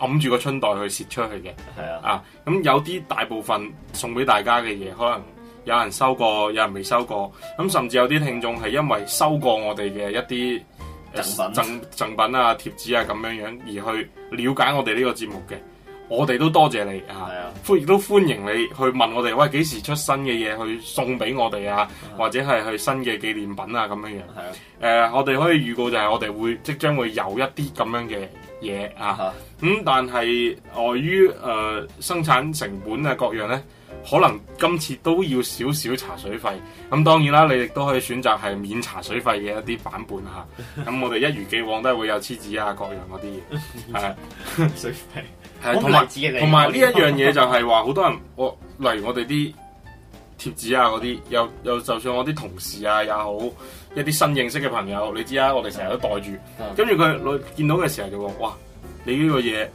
揞住個春袋去蝕出去嘅。係 啊，啊咁有啲大部分送俾大家嘅嘢，可能有人收過，有人未收過。咁甚至有啲聽眾係因為收過我哋嘅一啲贈品贈贈贈贈贈、啊、貼紙啊咁樣樣而去了解我哋呢個節目嘅。我哋都多謝你啊，歡迎亦都歡迎你去問我哋，喂，幾時出新嘅嘢去送俾我哋啊？或者係去新嘅紀念品啊咁樣樣。係啊，誒我哋可以預告就係我哋會即將會有一啲咁樣嘅嘢啊。咁但係礙於誒生產成本啊各樣呢，可能今次都要少少茶水費。咁當然啦，你亦都可以選擇係免茶水費嘅一啲版本嚇。咁我哋一如既往都係會有廁紙啊各樣嗰啲嘢。係水費。同埋呢一樣嘢就係話，好多人我 例如我哋啲貼紙啊嗰啲，又又就算我啲同事啊又好，一啲新認識嘅朋友，你知啊，我哋成日都袋住，跟住佢見到嘅時候就話，是，哇，你呢個嘢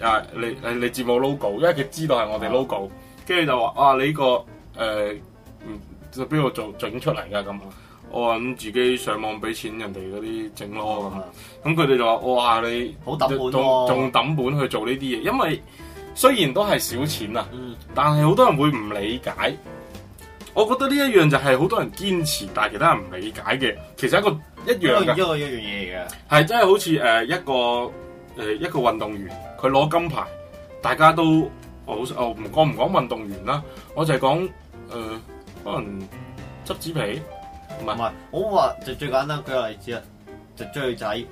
啊，你你你接我 logo，因為佢知道係我哋 logo，跟住就話，啊，你呢個誒，我 logo，我 logo，嗯，喺邊度，啊這個呃，做整出嚟㗎咁。我諗自己上網俾錢人哋嗰啲整咯，咁佢哋就話：我話你仲仲抌本去做呢啲嘢，因為雖然都係少錢啊，嗯、但係好多人會唔理解。我覺得呢一樣就係好多人堅持，但係其他人唔理解嘅。其實一個一樣一樣嘢嘅，係真係好似誒一個誒一,一,一,一個運動員佢攞金牌，大家都我好唔我唔講運動員啦，我就係講誒可能執紙皮。唔係，好話就最簡單舉個例子啊，就追女仔，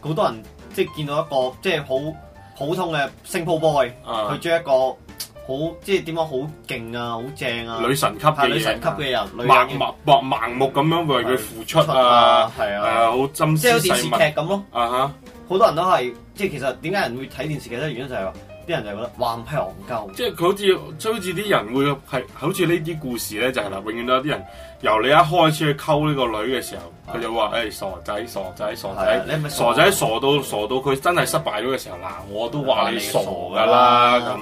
好多人即係見到一個即係好普通嘅星泡 boy，佢追一個好即係點講好勁啊，好正啊，女神級啊女神級嘅人，盲目盲目咁樣為佢付出啊，係啊，好心思細密，即係電視劇咁咯，啊哈，好多人都係即係其實點解人會睇電視劇咧？原因就係話。啲人就覺得哇唔係憨鳩，即係佢好似即係啲人會係好似呢啲故事咧，就係啦，永遠都有啲人由你一開始去溝呢個女嘅時候，佢就話誒傻仔傻仔傻仔，你傻仔傻到傻到佢真係失敗咗嘅時候，嗱我都話你傻㗎啦咁。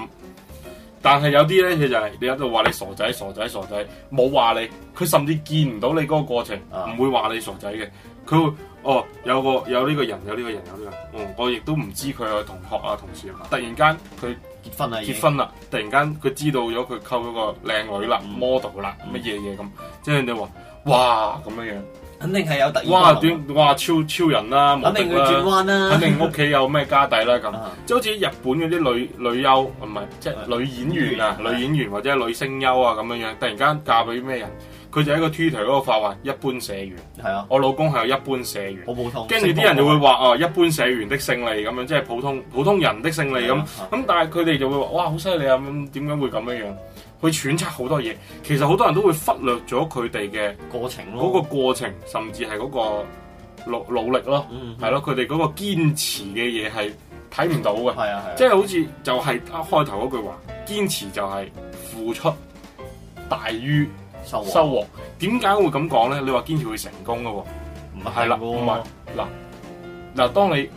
但係有啲咧，佢就係你喺度話你傻仔傻仔傻仔，冇話你，佢甚至見唔到你嗰個過程，唔會話你傻仔嘅，佢。哦，有個有呢個人，有呢個人，有呢個人。嗯，我亦都唔知佢係同學啊，同事啊。突然間佢結婚啦，結婚啦！已經。突然間佢知道咗佢溝咗個靚女啦、嗯、model 啦，乜嘢嘢咁。即係你話，哇咁樣樣，肯定係有突然。哇！點哇，短哇超超人啦、啊，啊、肯定會轉彎啦、啊，肯定屋企有咩家底啦、啊、咁。即係好似日本嗰啲女女優，唔係即係女演員啊，女演員或者女聲優啊咁樣樣，突然間嫁俾咩人？佢就喺個 Twitter 嗰度發話，一般社員。係啊，我老公係一般社員。好普通。跟住啲人就會話啊，一般社員的勝利咁樣，即係普通普通人的勝利咁。咁、啊啊、但係佢哋就會話哇，好犀利啊！咁點解會咁樣樣？去揣測好多嘢，其實好多人都會忽略咗佢哋嘅過程咯。嗰個過程，甚至係嗰個努努力咯，係咯、嗯，佢哋嗰個堅持嘅嘢係睇唔到嘅。係啊係即係好似就係開頭句話，堅持就係付出大於收穫？點解會咁講咧？你話堅持會成功嘅喎，係、啊、啦，唔係、啊，嗱嗱。當你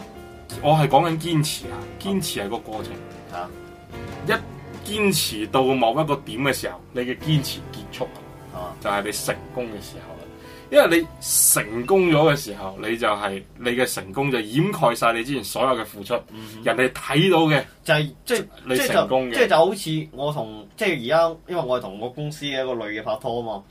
我係講緊堅持啊，堅持係個過程。吓、啊，一堅持到某一個點嘅時候，你嘅堅持結束，啊，就係、是、你成功嘅時候。因為你成功咗嘅時候，你就係、是、你嘅成功就掩蓋晒你之前所有嘅付出，mm hmm. 人哋睇到嘅就係即係你成功嘅，即係、就是就是就是、就好似我同即係而家，因為我係同我公司嘅一個女嘅拍拖啊嘛，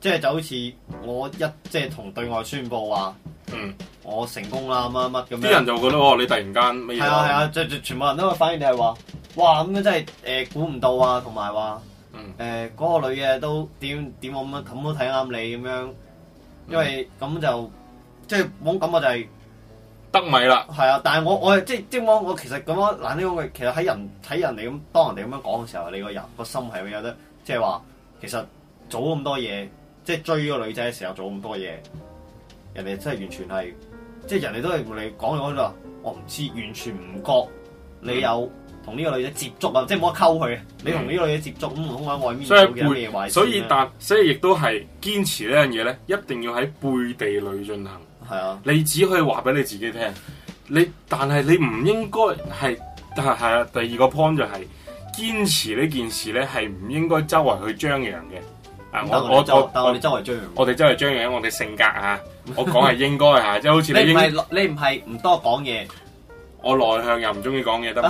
即、就、係、是、就好似我一即係同對外宣布話，嗯、mm，hmm. 我成功啦乜乜咁樣，啲人就覺得哦，你突然間咩嘢？係啊係啊，就就、啊啊、全部人都會反應你係話，哇咁樣真係誒估唔到啊，同埋話誒嗰個女嘅都點點我咁樣咁都睇啱你咁樣。因為咁就即係往咁啊，就係、是、得米啦。係啊，但係我我即係即係我其實咁樣嗱呢樣嘅，其實喺人睇人哋咁當人哋咁樣講嘅時候，你個人個心係會有得即係話，其實做咁多嘢，即係追個女仔嘅時候做咁多嘢，人哋真係完全係，即係人哋都係同你講咗度，我唔知，完全唔覺你有。嗯同呢個女仔接觸啊，即係冇得溝佢。你同呢個女仔接觸，咁唔通喺外面做嘅嘢壞事。所以但所以亦都係堅持呢樣嘢咧，一定要喺背地裏進行。係啊，你只可以話俾你自己聽。你但係你唔應該係，係係啊。第二個 point 就係堅持呢件事咧，係唔應該周圍去張揚嘅。啊，我我但我哋周圍張揚，我哋周圍張揚，我哋性格啊，我講係應該嚇，即係好似你唔係你唔係唔多講嘢。我內向又唔中意講嘢得，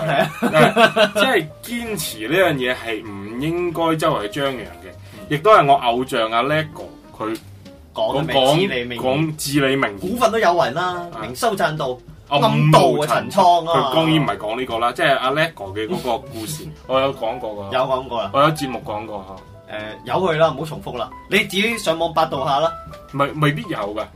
即係堅持呢樣嘢係唔應該周圍去張揚嘅，亦都係我偶像阿叻哥佢講講講智理明股份都有雲啦，明修棧道暗度陳倉啊。佢當然唔係講呢個啦，即係阿叻哥嘅嗰個故事，我有講過㗎，有講過啦，我有節目講過嚇，誒有佢啦，唔好重複啦，你自己上網百度下啦，未未必有噶，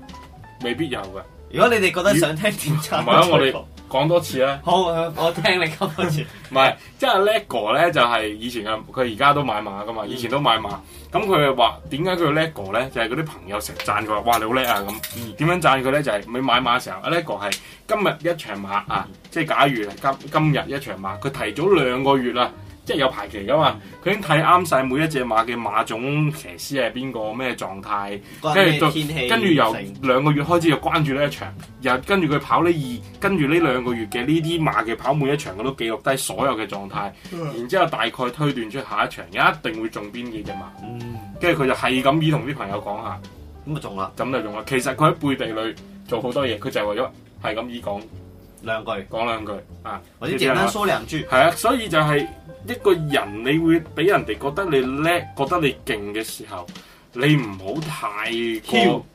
未必有噶，如果你哋覺得想聽點，唔係啊，我哋。講多次啦，好，我聽你講多次。唔係，即係叻哥咧，就係以前嘅，佢而家都買馬噶嘛，以前都買馬。咁佢話點解佢叻哥咧？就係嗰啲朋友成日讚佢話，哇，你好叻啊！咁點樣讚佢咧？就係佢買馬嘅時候，阿叻哥係今日一場馬啊，即係假如今今日一場馬，佢提早兩個月啦。即係有排期噶嘛？佢、嗯、已經睇啱晒每一隻馬嘅馬、馬種騎、騎師係邊個、咩狀態，跟住跟住由兩個月開始就關注呢一場，又跟住佢跑呢二，跟住呢兩個月嘅呢啲馬嘅跑每一場，佢都記錄低所有嘅狀態，嗯、然之後大概推斷出下一場一定會中邊幾隻馬，嗯、跟住佢就係咁以同啲朋友講下，咁就中啦。咁就中啦。其實佢喺背地裏做好多嘢，佢就係為咗係咁以講。兩句講兩句啊，或者簡單講兩句。係啊，所以就係一個人，你會俾人哋覺得你叻，覺得你勁嘅時候，你唔好太過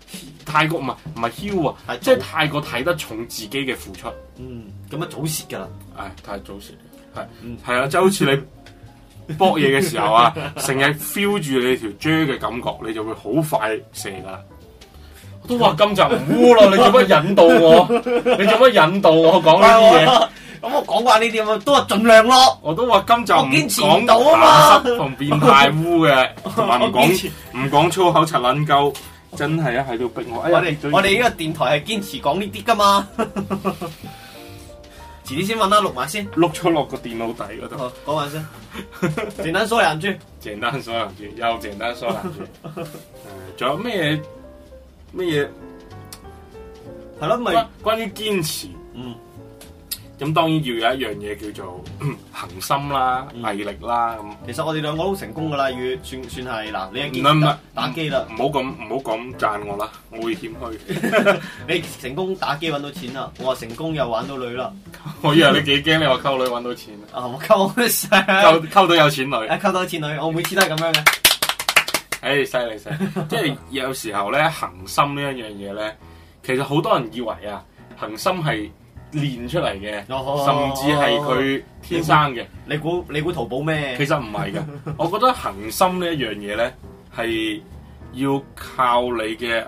太過唔係唔係囂啊，即係太過睇得重自己嘅付出。嗯，咁啊早洩㗎喇，係太早洩，係係啊，就好似你博嘢嘅時候啊，成日 feel 住你條 j 嘅感覺，你就會好快射㗎啦。都話今集唔污咯，你做乜引導我？你做乜引導我講呢啲嘢？咁我講話呢啲都話盡量咯。我都話今集唔講到啊嘛，同變態污嘅，同埋唔講唔講粗口、柒撚鳩，真係呀喺度逼我。我哋我哋呢個電台係堅持講呢啲噶嘛。遲啲先揾啦，錄埋先。錄咗落個電腦底嗰度。講埋先，簡單說兩句，簡單說人句，又簡單說人句。仲有咩？咩嘢係咯？咪。ey on 關於堅持，嗯，咁當然要有一樣嘢叫做恒心啦、毅力啦咁。嗯、其實我哋兩個都成功噶啦，要、嗯、算算係嗱，你一唔係唔係打機啦，唔好咁唔好咁讚我啦，我會謙虛。 你成功打機搵到錢啦，我話成功又玩到女啦。 我以為你幾驚，你話溝女搵到錢啊？溝成溝到有錢女，啊溝到有錢女，我每次都係咁樣嘅。ertas 誒，犀利犀利，即係有時候咧，恒心呢一樣嘢咧，其實好多人以為啊，恒心係練出嚟嘅，oh, oh, oh, oh, oh. 甚至係佢天生嘅。你估你估淘寶咩？其實唔係嘅，我覺得恒心一呢一樣嘢咧，係要靠你嘅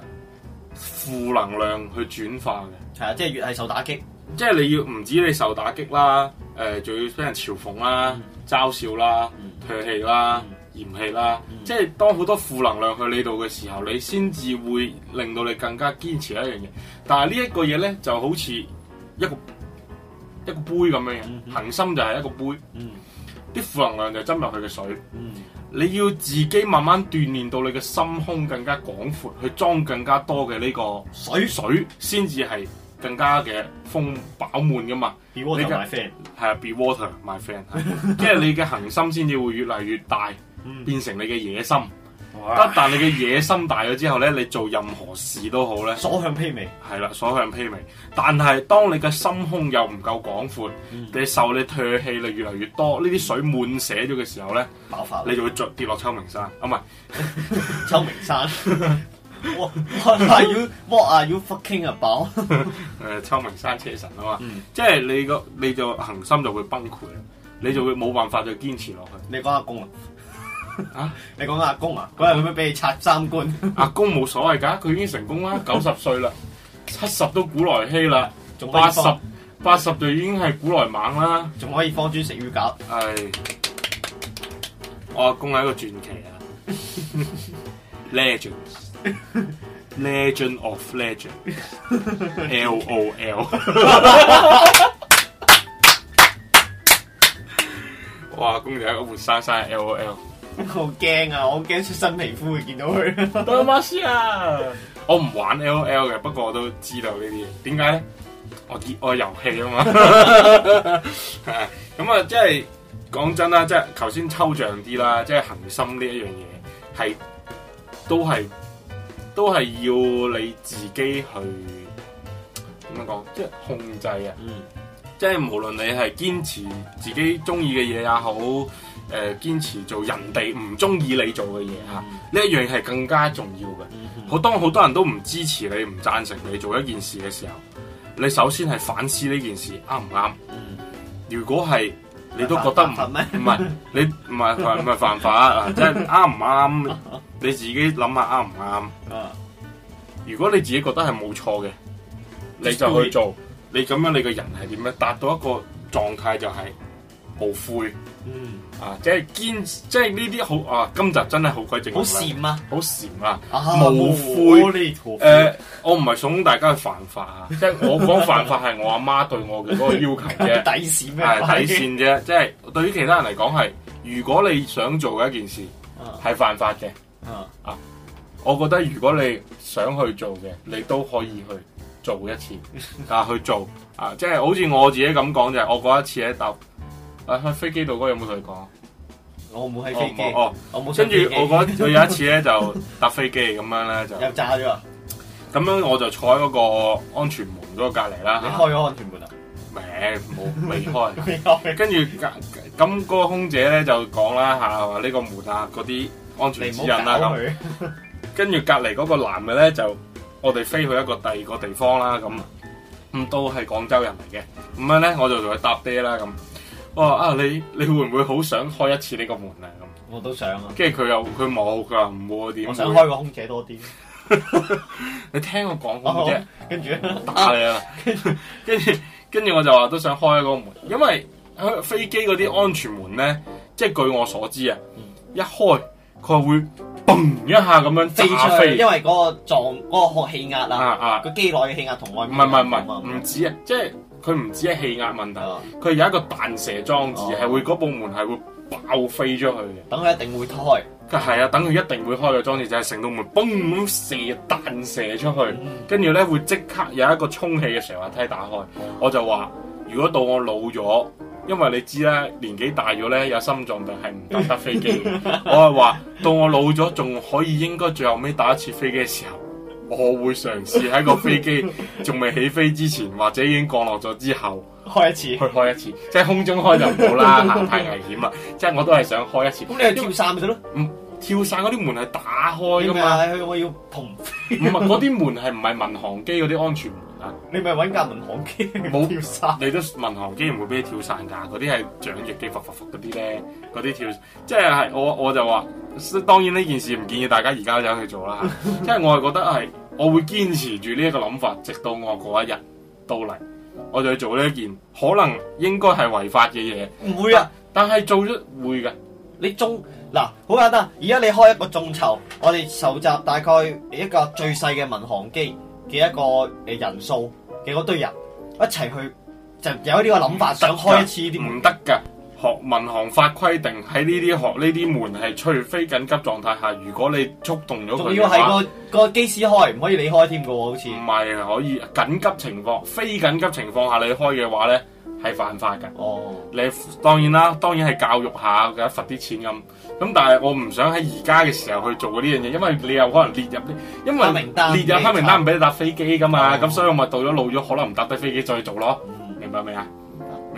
負能量去轉化嘅。係啊、哦，即係越係受打擊，即係你要唔止你受打擊啦，誒、呃，仲要俾人嘲諷啦、嗯、嘲笑啦、唾、呃、氣啦。啊嫌棄啦，即係當好多負能量去你度嘅時候，你先至會令到你更加堅持一樣嘢。但係呢一個嘢咧，就好似一個一個杯咁樣嘅，恆心就係一個杯，啲、嗯、負能量就斟入去嘅水。嗯、你要自己慢慢鍛鍊到你嘅心胸更加廣闊，去裝更加多嘅呢個水水，先至係更加嘅豐飽滿噶嘛。Be water my friend，係啊，be water my friend，即係你嘅恒心先至會越嚟越大。變成你嘅野心，但哇但你嘅野心大咗之後咧，你做任何事都好咧，所向披靡，係啦，所向披靡。但係當你嘅心胸又唔夠廣闊，嗯、你受你唾棄你越嚟越多，呢啲水滿瀉咗嘅時候咧，爆發，你就會墜跌落秋名山，唔係 秋名山。 What are you What are you fucking about？誒， 秋名山車神啊嘛，嗯、即係你個你就恒心就會崩潰，嗯、你就會冇辦法再堅持落去。你講下功啊。啊！你講阿公啊，嗰日有咩俾你拆三觀？阿公冇所謂噶，佢已經成功啦，九十歲啦，七十都古來稀啦，仲八十八十就已經係古來猛啦，仲可以放磚食魚餃。係我阿公係一個傳奇啊，Legends，Legend of Legend，L O L。哇！阿公仲有一個活生生，L O L。好驚啊！我驚出新皮膚會見到佢。多忙、啊、我唔玩 L O L 嘅，不過我都知道呢啲嘢。點解咧？我熱愛遊戲啊嘛。咁啊，即係講真啦，即係頭先抽象啲啦，即係恆心呢一樣嘢，係都係都係要你自己去點樣講，即係控制啊。嗯，即係無論你係堅持自己中意嘅嘢也好。誒，堅、呃、持做人哋唔中意你做嘅嘢吓，呢、嗯、一樣係更加重要嘅。好、嗯、哼多好多人都唔支持你、唔贊成你做一件事嘅時候，你首先係反思呢件事啱唔啱？合合嗯、如果係你都覺得唔唔係，你唔係唔係犯法啊，即係啱唔啱？你自己諗下啱唔啱？嗯、如果你自己覺得係冇錯嘅，你就去做。你咁樣你嘅人係點樣？達到一個狀態就係懊悔。嗯。啊！即係堅，即係呢啲好啊！今集真係閃、啊、好鬼正，好閃啊，好閃啊，無悔。誒、啊，我唔係慫大家去犯法啊， 即係我講犯法係我阿媽對我嘅嗰個要求啫， 底線咩麼、啊？底線啫，即、就、係、是、對於其他人嚟講係，如果你想做嘅一件事係 犯法嘅，啊，我覺得如果你想去做嘅，你都可以去做一次，啊，去做啊，即係好似我自己咁講就係，我嗰一次喺度。喺飛機度嗰有冇同你講？我冇喺飛機，哦，我冇。跟住我嗰，我有一次咧就搭飛機咁樣咧就，又炸咗。咁樣我就坐喺嗰個安全門嗰個隔籬啦。你開咗安全門啊？唔好未開。未開。跟住咁個空姐咧就講啦吓，話呢個門啊嗰啲安全指引啦咁。跟住隔籬嗰個男嘅咧就，我哋飛去一個第二個地方啦咁，咁都係廣州人嚟嘅。咁樣咧我就同佢搭爹啦咁。哇！啊，你你會唔會好想開一次呢個門啊？咁我都想啊。跟住佢又佢冇，佢話唔好啲。會我想開個空姐多啲。 你聽我講嘅啫。跟住打你啦。跟住跟住跟住， 我就話都想開嗰個門，因為飛機嗰啲安全門咧，即係據我所知啊，嗯、一開佢會嘣一下咁樣出飛，飛。因為嗰個撞嗰、嗰個學氣壓啊，個機內嘅氣壓同外唔係唔係唔係唔止啊，即係。不佢唔止係氣壓問題，佢有一個彈射裝置，係、哦、會嗰部門係會爆飛出去嘅、啊。等佢一定會開，佢係啊，等佢一定會開嘅裝置，就係成個門嘣咁射彈射出去，跟住咧會即刻有一個充氣嘅斜滑梯打開。嗯、我就話，如果到我老咗，因為你知啦，年紀大咗咧有心臟病係唔搭得飛機。 我係話，到我老咗仲可以應該最後尾打一次飛機嘅時候。我會嘗試喺個飛機仲未起飛之前，或者已經降落咗之後開一次，去開一次，即係空中開就唔好啦，太危險啦。 即係我都係想開一次。咁你跳傘咪得咯？跳傘嗰啲門係打開噶嘛？我要同。嗰 啲門係唔係民航機嗰啲安全門啊？你咪搵架民航機冇跳傘。你都民航機唔會俾你跳傘噶，嗰啲係掌翼機，伏伏伏嗰啲咧，嗰啲跳，即係我我，我就話，當然呢件事唔建議大家而家就去做啦，即係 我係覺得係。我會堅持住呢一個諗法，直到我嗰一日到嚟，我哋去做呢一件可能應該係違法嘅嘢。唔會啊，但係做咗會噶。你中，嗱，好簡單，而家你開一個眾籌，我哋籌集大概一個最細嘅民航機嘅一個誒人數嘅嗰堆人一齊去，就有呢個諗法想開一次啲唔得噶？學民航法規定喺呢啲學呢啲門係出於非緊急狀態下，如果你觸動咗佢仲要係個個機師開，唔可以離開添噶喎，好似唔係可以緊急情況，非緊急情況下你開嘅話咧係犯法噶。哦，你當然啦，當然係教育下嘅，罰啲錢咁。咁但係我唔想喺而家嘅時候去做呢樣嘢，因為你又可能列入啲，因為列入黑名單唔俾你搭飛機噶嘛。咁、哦、所以我咪到咗路咗，可能唔搭低飛機再做咯。明白未啊？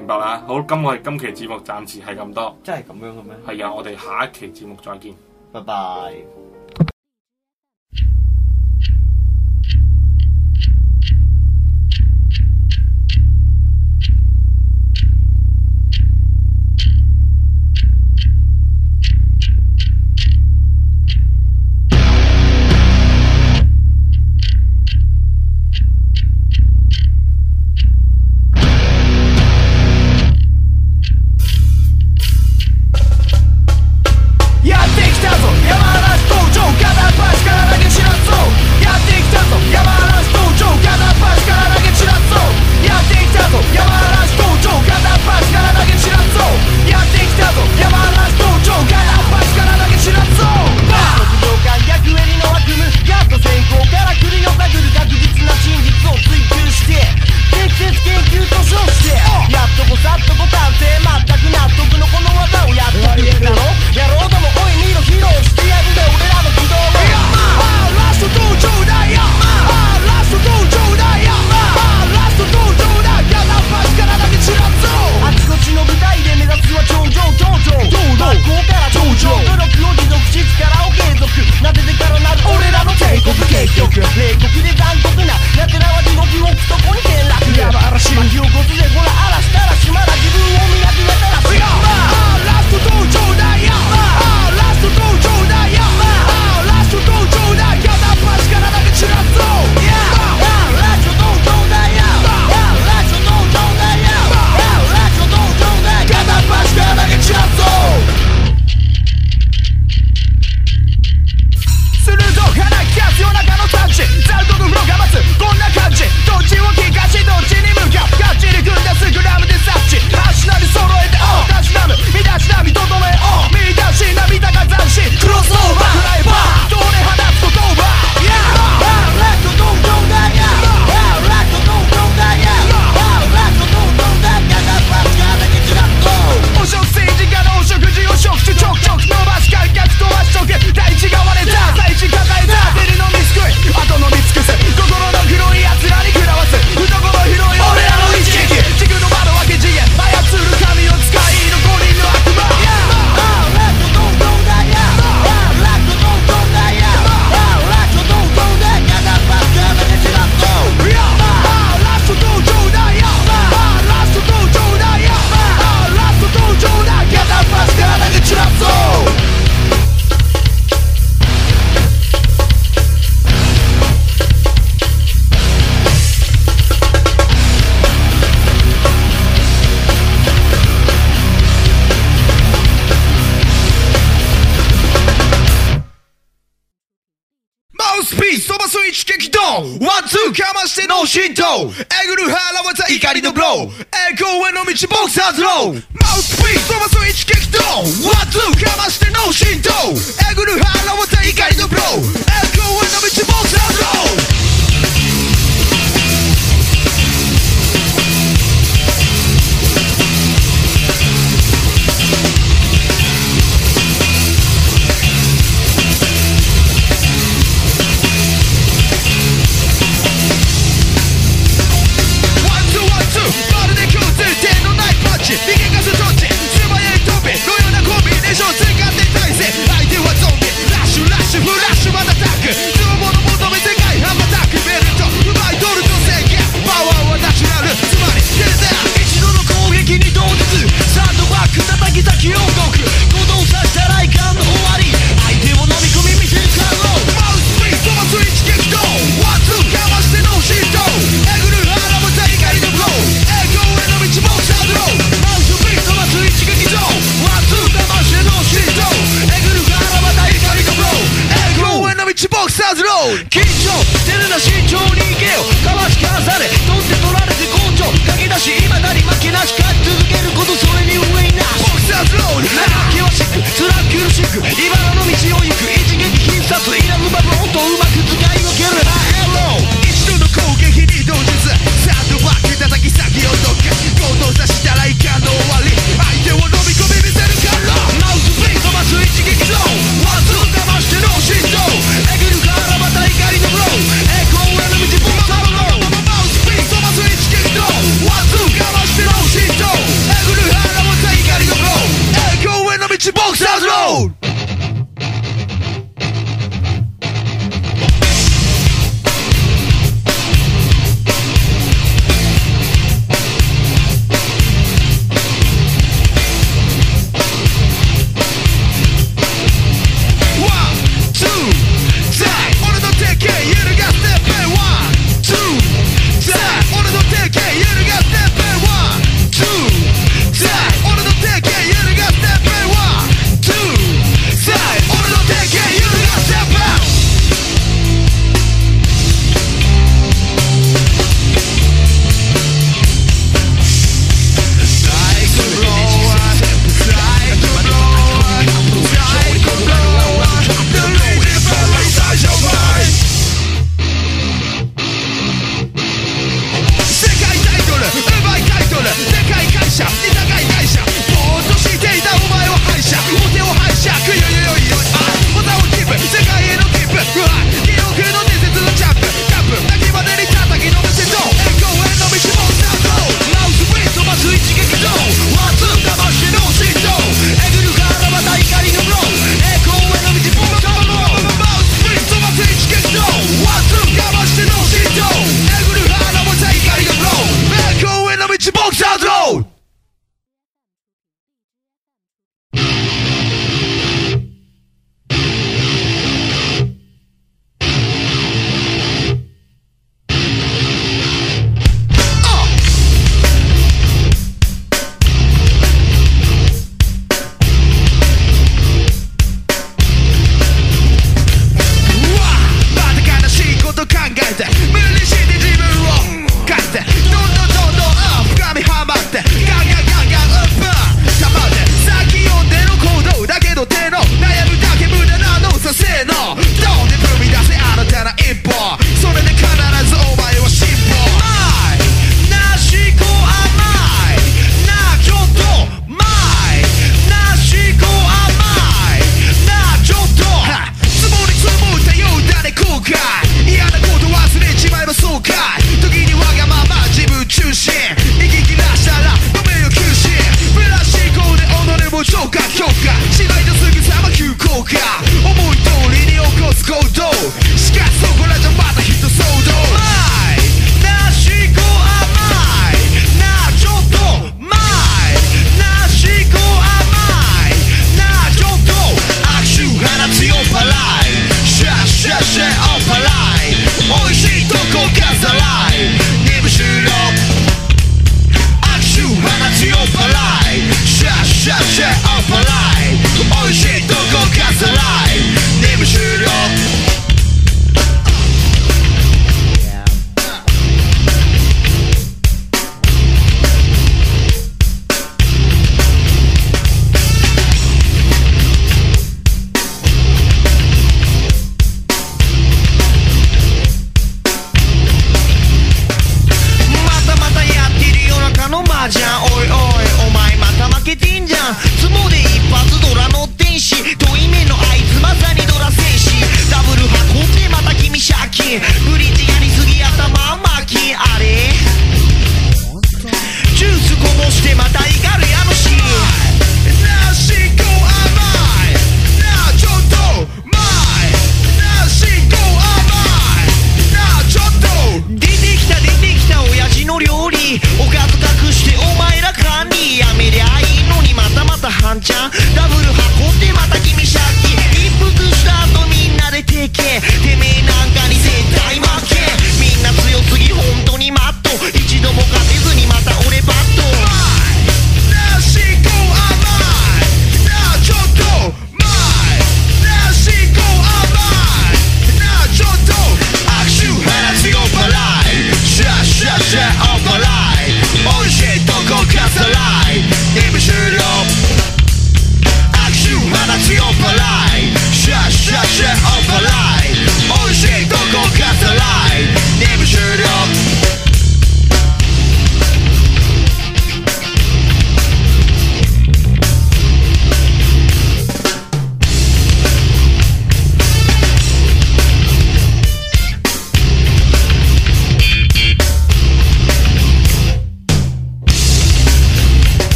明白啦，好，今我哋今期節目暫時係咁多。真係咁樣嘅咩？係啊，我哋下一期節目再見，拜拜。